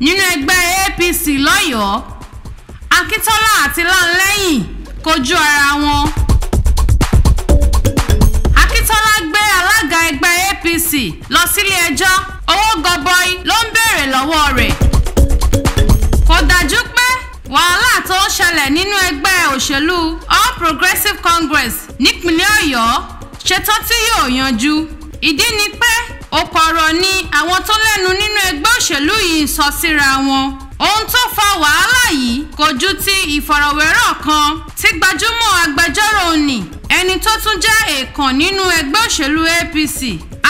nínú ẹgbẹ́ APC lọ́yọ̀ọ́ Akíntọ́lá àti Lanlẹ́yìn kojú ara wọn. Akíntọ́lá gbé alága ẹgbẹ́ APC lọ sílé ẹjọ́ owó gọbọi ló ń béèrè lọ́wọ́ rẹ̀. kò dájú pé wàhálà tó ń ṣẹlẹ̀ nínú ẹgbẹ́ òṣèlú All Progressives Congress nípínlẹ̀ Ọ̀yọ́ ṣetán tí yóò yanjú. ìdí ni pé òkò ọ̀rọ̀ ni àwọn tó lẹ́ òṣèlú yìí sọ síra wọn. ohun tó fa wàhálà yìí kò ju ti ìfọ̀rọ̀wérọ̀ kan tí gbajúmọ̀ agbẹjọ́rò nì ẹni tó tún jẹ́ èèkàn nínú ẹgbẹ́ òṣèlú APC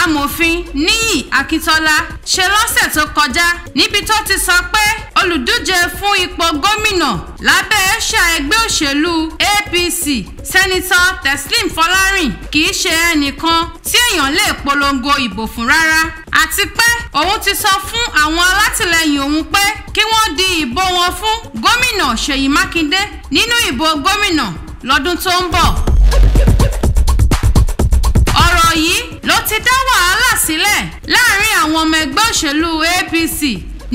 amòfin níyì akíntọ́lá ṣe lọ́sẹ̀ tó kọjá níbi tó ti sọ pé olùdíje fún ipò gómìnà lábẹ́ ẹ̀ṣà ẹgbẹ́ òṣèlú apc sẹ́nitọ́ teslim fọlárìn kì í ṣe ẹnìkan tí èèyàn lè polongo ìbò fún rárá àti pé òun ti sọ fún àwọn alátìlẹyìn òun pé kí wọ́n di ìbò wọn fún gómìnà ṣèyí mákindé nínú ìbò gómìnà lọ́dún tó ń bọ̀ ti dá wàhálà sílẹ̀ láàrin àwọn ọmọ ẹgbẹ́ òṣèlú APC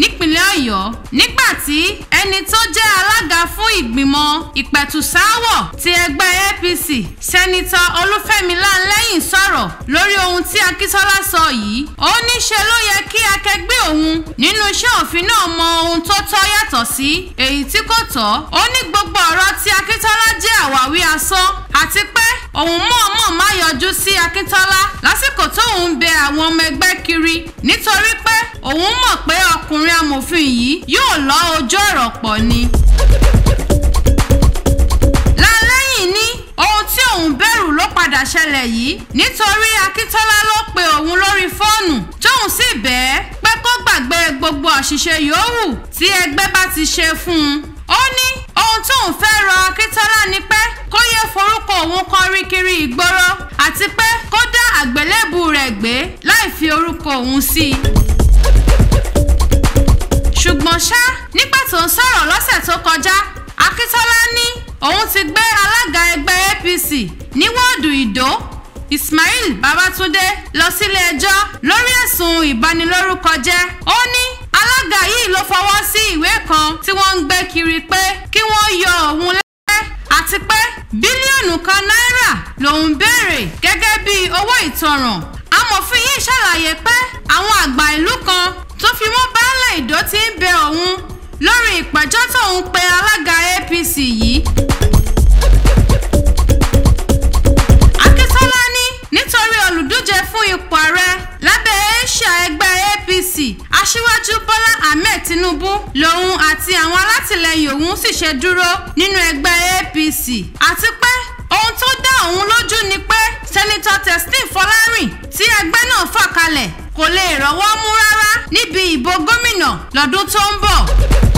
nípínlẹ̀ Ọ̀yọ́ nígbà tí ẹni tó jẹ́ alága fún ìgbìmọ̀ ìpẹ̀tùsááwọ̀ ti ẹgbẹ́ APC sẹ́nitọ́ Olúfẹ́mi Láńlẹ́yìn sọ̀rọ̀ lórí ohun tí Akíntọ́lá sọ yìí ó ní ṣe ló yẹ kí akẹgbẹ́ òun nínú iṣẹ́ òfin náà mọ ohun tó tọ́ yàtọ̀ sí èyí tí kò tọ́ ó ní gbogbo ọ̀rọ̀ tí Akíntọ́lá jẹ́ àwáwí asán àti pé òun mọ̀ọ́mọ̀ má yọjú sí Akíntọ́lá lásìkò tóun ń bẹ àwọn ọmọ ẹgbẹ́ kiri nítorí pé òun mọ̀ pé ọkùnrin amòfin yìí yóò lọ́ ojú ọ̀rọ̀ pọ̀ ni. Láléyìn ní ohun tí òun bẹ̀rù ló padà ṣẹlẹ̀ yìí nítorí Akíntọ́lá ló pe òun lórí fóònù tóun sì bẹ́ẹ̀ pé kó gbàgbé gbogbo àṣìṣe yòówù tí ẹgbẹ́ bá ti ṣe fún un ó ní ohun òun kọrin kiri ìgboro àti pé kó dá àgbélébù rẹ̀ gbé láì fi orúkọ òun sí i. ṣùgbọ́n ṣá nígbà tó ń sọ̀rọ̀ lọ́sẹ̀ tó kọjá Akíntọ́lá ní òun ti gbé alága ẹgbẹ́ APC ní wọ́ọ̀dù Ìdó Ismail Babatunde lọ sílé ẹjọ́ lórí ẹ̀sùn ìbanilórúkọjẹ́ ó ní alága yìí ló fọwọ́ sí ìwé kan tí wọ́n ń gbé kiri pé kí wọ́n yọ òun lẹ́yìn àti pé bílíọ̀nù kan náírà lòún béèrè gẹ́gẹ́ bí owó ìtanràn amòfin yìí ṣàlàyé pé àwọn àgbà ìlú kan tó fi mọ́ baálé ìdó ti ń bẹ òun lórí ìpẹ́jọ́ tóun pe alága APC yìí aṣíwájú bọ́lá ahmed tinubu lòun àti àwọn alátìlẹyìn òun sì ṣe dúró nínú ẹgbẹ́ apc àti pé ohun tó dá òun lójú ni pé sẹ́nitọ́ testin fọlárìn tí ẹgbẹ́ náà fà kalẹ̀ kò lè rọ́wọ́ mú rárá níbi ìbò gómìnà lọ́dún tó ń bọ̀.